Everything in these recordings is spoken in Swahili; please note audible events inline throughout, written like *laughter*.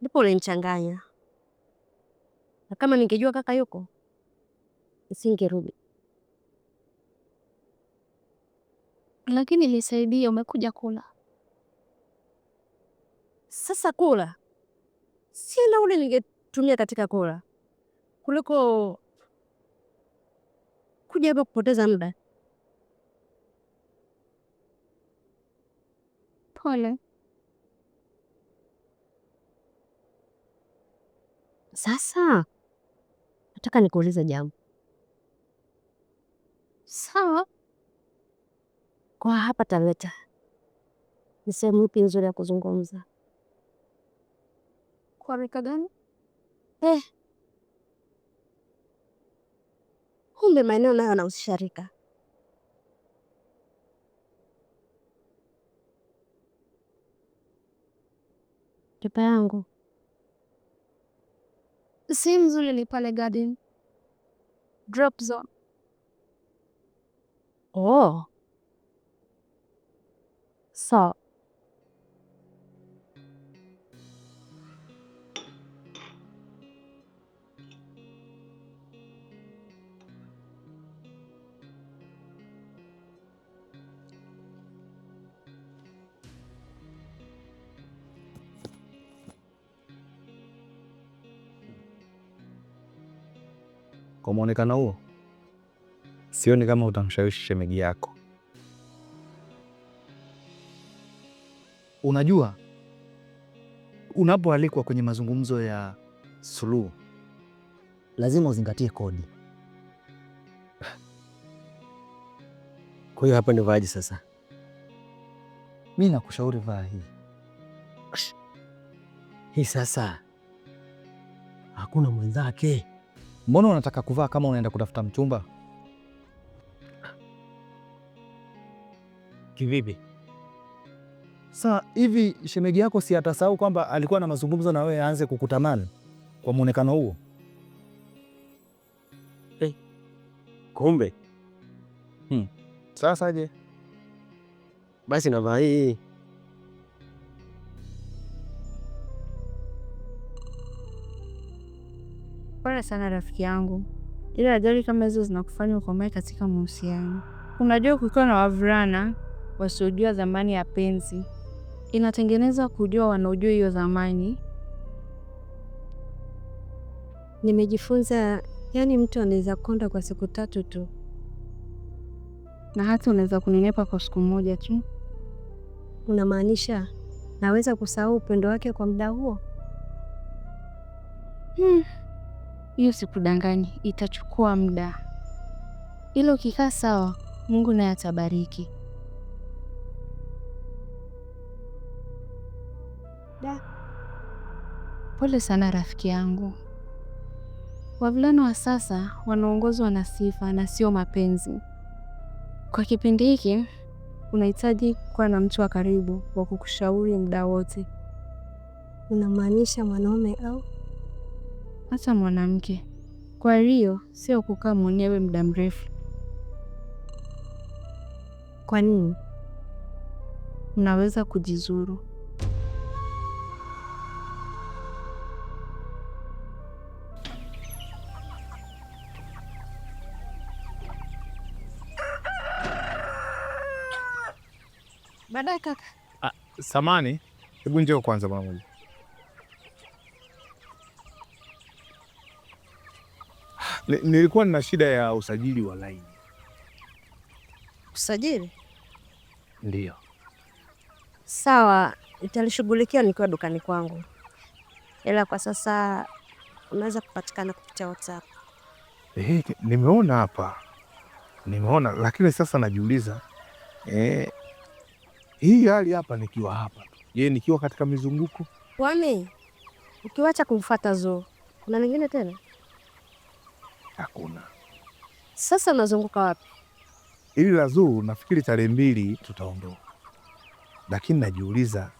Ndipo ulinichanganya, na kama ningejua kaka yuko nisingerudi. Lakini nisaidie, umekuja kula. Sasa kula, si nauli ningetumia katika kula kuliko kuja hapa kupoteza muda. Pole. Sasa nataka nikuulize jambo. Sawa, kwa hapa Taveta ni sehemu ipi nzuri ya kuzungumza? Kwa rika gani? Eh, kumbe maeneo nayo anahusisha rika. Pepa yangu Sehemu nzuri ni pale garden drop zone. Oh, sawa. Kwa mwonekano huo sioni kama utamshawishi shemeji yako. Unajua, unapoalikwa kwenye mazungumzo ya suluhu lazima uzingatie kodi. *sighs* Kwa hiyo hapa ni vaaji sasa? Mi nakushauri vaa hii hii. Sasa hakuna mwenzake. Mbona unataka kuvaa kama unaenda kutafuta mchumba? Kivipi? Saa hivi shemeji yako si atasahau kwamba alikuwa na mazungumzo na wewe, aanze kukutamani kwa mwonekano huo? Hey, eh, kumbe hmm. Sasa je, basi navaa hii pole sana rafiki yangu, ila ajali kama hizo zinakufanya ukomae katika mahusiano. Unajua, kukiwa na wavulana wasiojua dhamani ya penzi inatengeneza kujua wanaojua hiyo dhamani. Nimejifunza yani, mtu anaweza konda kwa siku tatu tu, na hata unaweza kunenepa kwa siku moja tu. Unamaanisha naweza kusahau upendo wake kwa muda huo? hmm hiyo sikudanganyi, itachukua muda, ila ukikaa sawa, Mungu naye atabariki. Da, pole sana rafiki yangu. Wavulana wa sasa wanaongozwa na sifa na sio mapenzi. Kwa kipindi hiki unahitaji kuwa na mtu wa karibu wa kukushauri muda wote. Unamaanisha mwanaume au hata mwanamke. Kwa hiyo sio kukaa mwenyewe muda mrefu. Kwa nini? Unaweza kujizuru. Baadaye kaka. Ah, samani, hebu njoo kwanza mwanangu. Nilikuwa nina shida ya usajili wa laini. Usajili? ndio Sawa, nitalishughulikia nikiwa dukani kwangu, ila kwa sasa unaweza kupatikana kupitia WhatsApp. Eh, nimeona hapa, nimeona lakini sasa najiuliza eh, hii hali hapa nikiwa hapa tu, je, nikiwa katika mizunguko kwani ukiwacha kumfuata zoo kuna ningine tena? hakuna. Sasa nazunguka wapi? Ili la zuu, nafikiri tarehe mbili tutaondoka, lakini najiuliza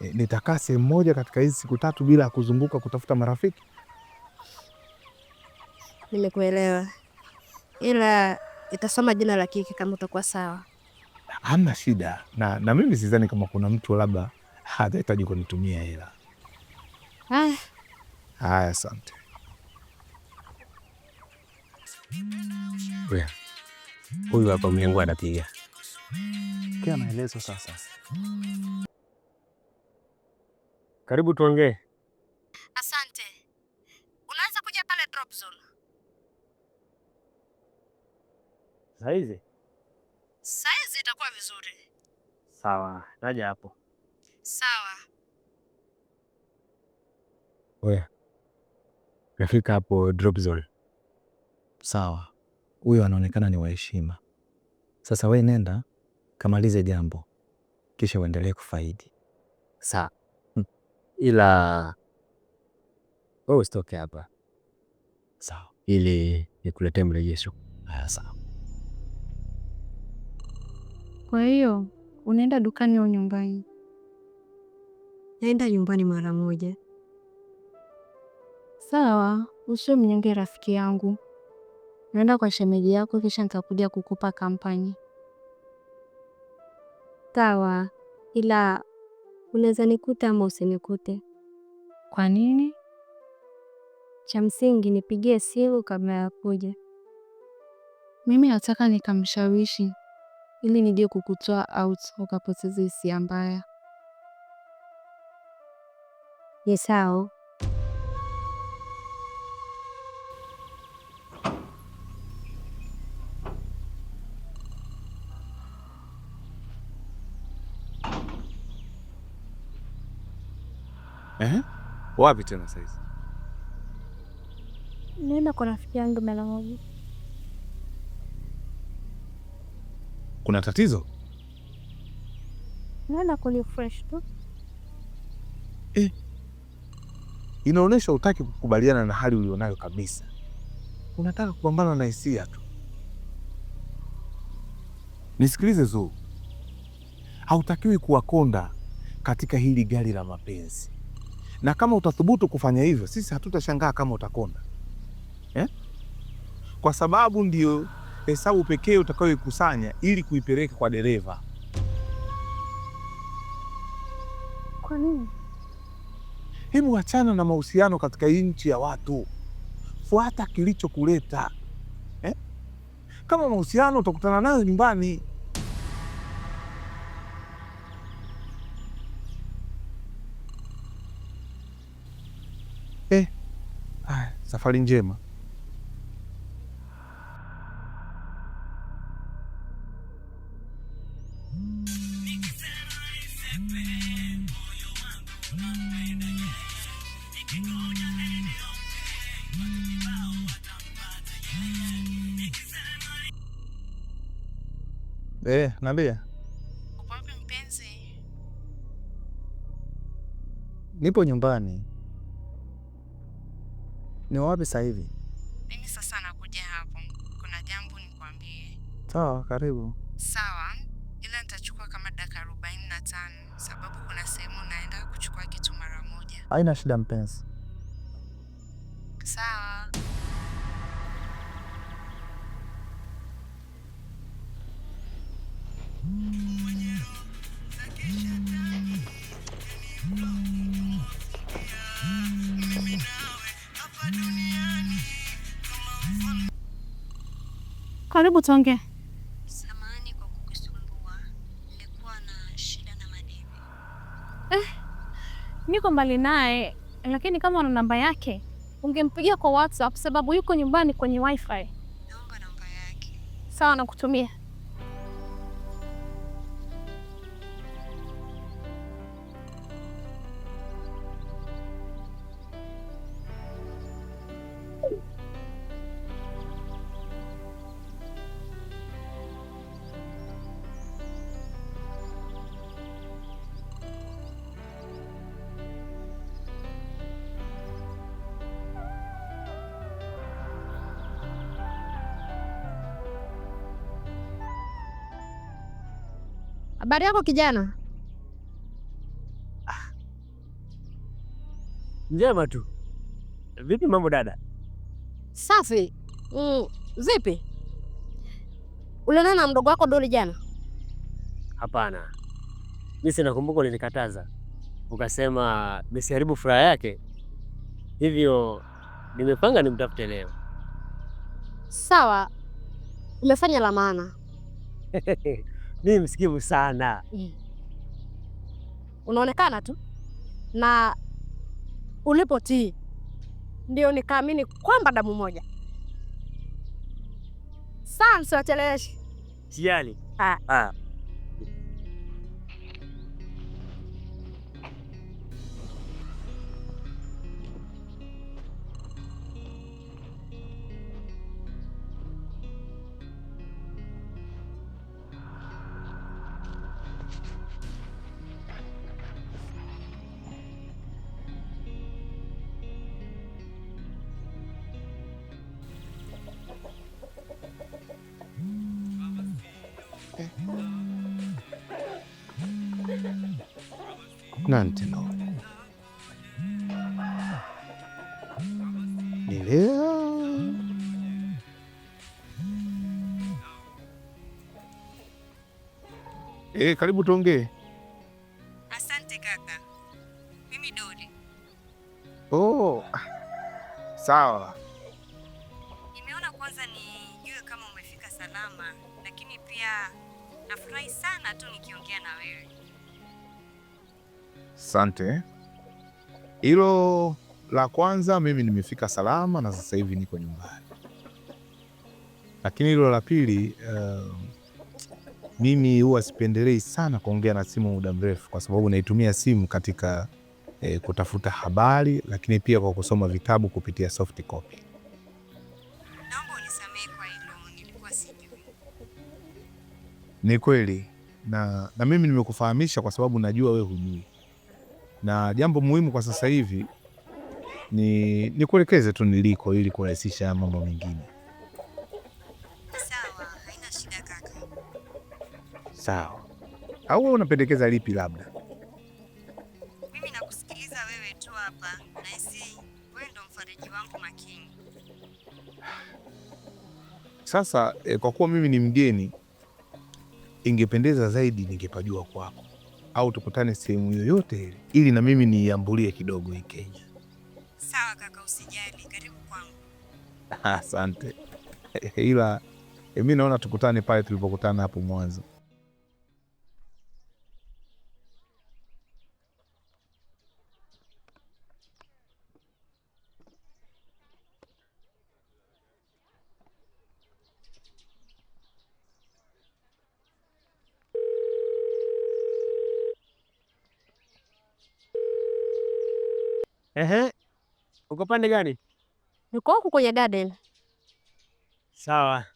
e, nitakaa sehemu moja katika hizi siku tatu bila kuzunguka kutafuta marafiki? Nimekuelewa, ila itasoma jina la kike kama utakuwa sawa. Hamna shida na, na mimi sidhani kama kuna mtu labda hatahitaji kunitumia hela. Haya, ah. haya, asante. Huyu hapa mlengo anapiga kia maelezo sasa. Karibu tuongee. Asante. Unaweza kuja pale drop zone saizi? Saizi itakuwa vizuri. Sawa, naja hapo. Sawa. Oya, nafika hapo drop zone sawa, huyo anaonekana ni waheshima. Sasa we nenda kamalize jambo, kisha uendelee kufaidi. Sawa, hm. ila wewe usitoke hapa, sawa, ili nikuletee mrejesho. Haya, sawa. Kwa hiyo unaenda dukani au nyumbani? Naenda nyumbani mara moja. Sawa, usio mnyonge rafiki yangu naenda kwa shemeji yako kisha nitakuja kukupa kampani. Sawa, ila unaweza nikute ama usinikute. Kwa nini? Cha msingi nipigie simu kabla ya kuja. Mimi nataka nikamshawishi ili nije kukutoa out ukapoteza hisia mbaya. Yesao, wapi tena sasa hizi? Nenda kwa rafiki yangu mara moja. Kuna tatizo? Nenda kuli fresh tu. Eh. Inaonyesha utaki kukubaliana na hali ulionayo kabisa. Unataka kupambana na hisia tu. Nisikilize Zuu, hautakiwi kuwakonda katika hili gari la mapenzi na kama utathubutu kufanya hivyo, sisi hatutashangaa kama utakonda eh? Kwa sababu ndio hesabu pekee utakayoikusanya ili kuipeleka kwa dereva. Kwa nini? Hebu achana na mahusiano katika nchi ya watu, fuata kilichokuleta eh? Kama mahusiano utakutana nayo nyumbani Safari njema. Eh, naambia mpenzi, nipo nyumbani. Ni wapi sasa hivi? Mimi sasa nakuja hapo. Kuna jambo nikwambie. Sawa, karibu. Sawa, ila nitachukua kama dakika arobaini na tano sababu kuna sehemu naenda kuchukua kitu mara moja. Haina shida mpenzi. Karibu tuongee. Samahani kwa kukusumbua. Nilikuwa na shida na madeni. Eh, niko mbali naye, lakini kama una namba yake ungempigia kwa WhatsApp sababu yuko nyumbani kwenye wifi. Naomba namba yake. Sawa, nakutumia. Habari yako kijana? Njema tu. Vipi mambo dada? Safi. Mm, vipi? Uliona na mdogo wako Doli jana? Hapana, mi sinakumbuka, ulinikataza ukasema nisiharibu furaha yake, hivyo nimepanga nimtafute leo. Sawa, umefanya la maana *laughs* mimi msikivu sana mm. Unaonekana tu na ulipotii ndio nikaamini kwamba damu moja. Sasa siwacheleweshe. Siali. Ah. Ah. no. Eh, karibu tuongee. Asante kaka. Mimi Dori. Oh, sawa. tu nikiongea na wewe. Sante. Hilo la kwanza, mimi nimefika salama na sasa hivi niko nyumbani, lakini hilo la pili, uh, mimi huwa sipendelei sana kuongea na simu muda mrefu, kwa sababu naitumia simu katika eh, kutafuta habari, lakini pia kwa kusoma vitabu kupitia soft copy. Naomba unisamehe kwa hilo, nilikuwa sijui. Ni kweli na, na mimi nimekufahamisha kwa sababu najua we hujui, na jambo muhimu kwa sasa hivi ni nikuelekeze tu niliko ili kurahisisha mambo mengine. Sawa, haina shida kaka. Sawa, au we unapendekeza lipi? Labda mimi nakusikiliza wewe tu hapa, wewe ndo mfariji wangu makini. Sasa eh, kwa kuwa mimi ni mgeni ingependeza zaidi ningepajua kwako, au tukutane sehemu yoyote ile, ili na mimi niiambulie kidogo hii Kenya. Sawa kaka, usijali, karibu kwangu. *laughs* Asante. Ila mimi eh, naona tukutane pale tulipokutana hapo mwanzo. Ehe, uko pande gani? Niko huku kwenye garden. Sawa.